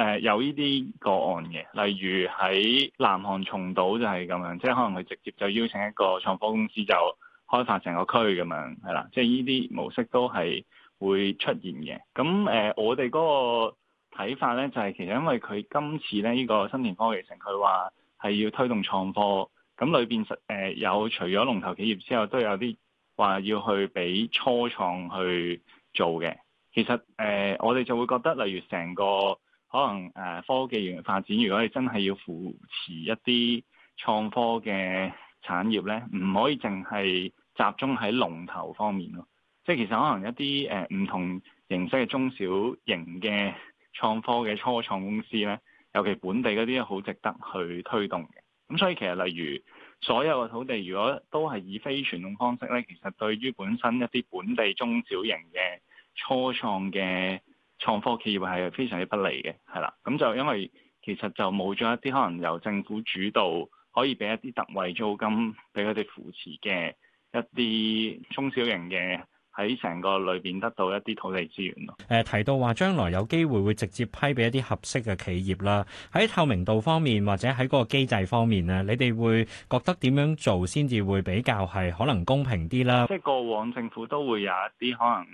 誒、呃、有呢啲個案嘅，例如喺南韓重島就係咁樣，即係可能佢直接就邀請一個創科公司就開發成個區咁樣，係啦，即係呢啲模式都係會出現嘅。咁誒、呃，我哋嗰個睇法呢，就係、是、其實因為佢今次呢依、這個新田科技城，佢話係要推動創科，咁裏邊誒有除咗龍頭企業之後，都有啲話要去俾初創去做嘅。其實誒、呃，我哋就會覺得，例如成個可能誒科技業發展，如果你真係要扶持一啲創科嘅產業咧，唔可以淨係集中喺龍頭方面咯。即係其實可能一啲誒唔同形式嘅中小型嘅創科嘅初創公司咧，尤其本地嗰啲好值得去推動嘅。咁所以其實例如所有嘅土地，如果都係以非傳統方式咧，其實對於本身一啲本地中小型嘅初創嘅。創科企業係非常之不利嘅，係啦。咁就因為其實就冇咗一啲可能由政府主導，可以俾一啲特惠租金俾佢哋扶持嘅一啲中小型嘅，喺成個裏邊得到一啲土地資源咯。誒，提到話將來有機會會直接批俾一啲合適嘅企業啦。喺透明度方面，或者喺嗰個機制方面咧，你哋會覺得點樣做先至會比較係可能公平啲啦？即係過往政府都會有一啲可能。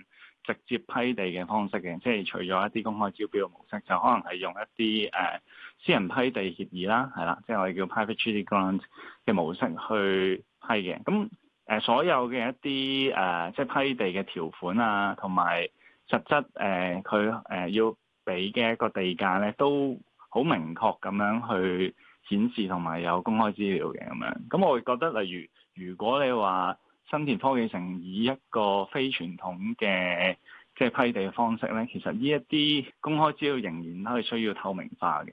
直接批地嘅方式嘅，即係除咗一啲公開招標嘅模式，就可能係用一啲誒私人批地協議啦，係啦，即係我哋叫 Private Treaty Grant 嘅模式去批嘅。咁誒所有嘅一啲誒、呃、即係批地嘅條款啊，同埋實質誒，佢、呃、誒要俾嘅一個地價咧，都好明確咁樣去顯示同埋有，有公開資料嘅咁樣。咁我會覺得，例如如果你話。新田科技城以一個非傳統嘅即係批地嘅方式咧，其實呢一啲公開資料仍然都係需要透明化嘅。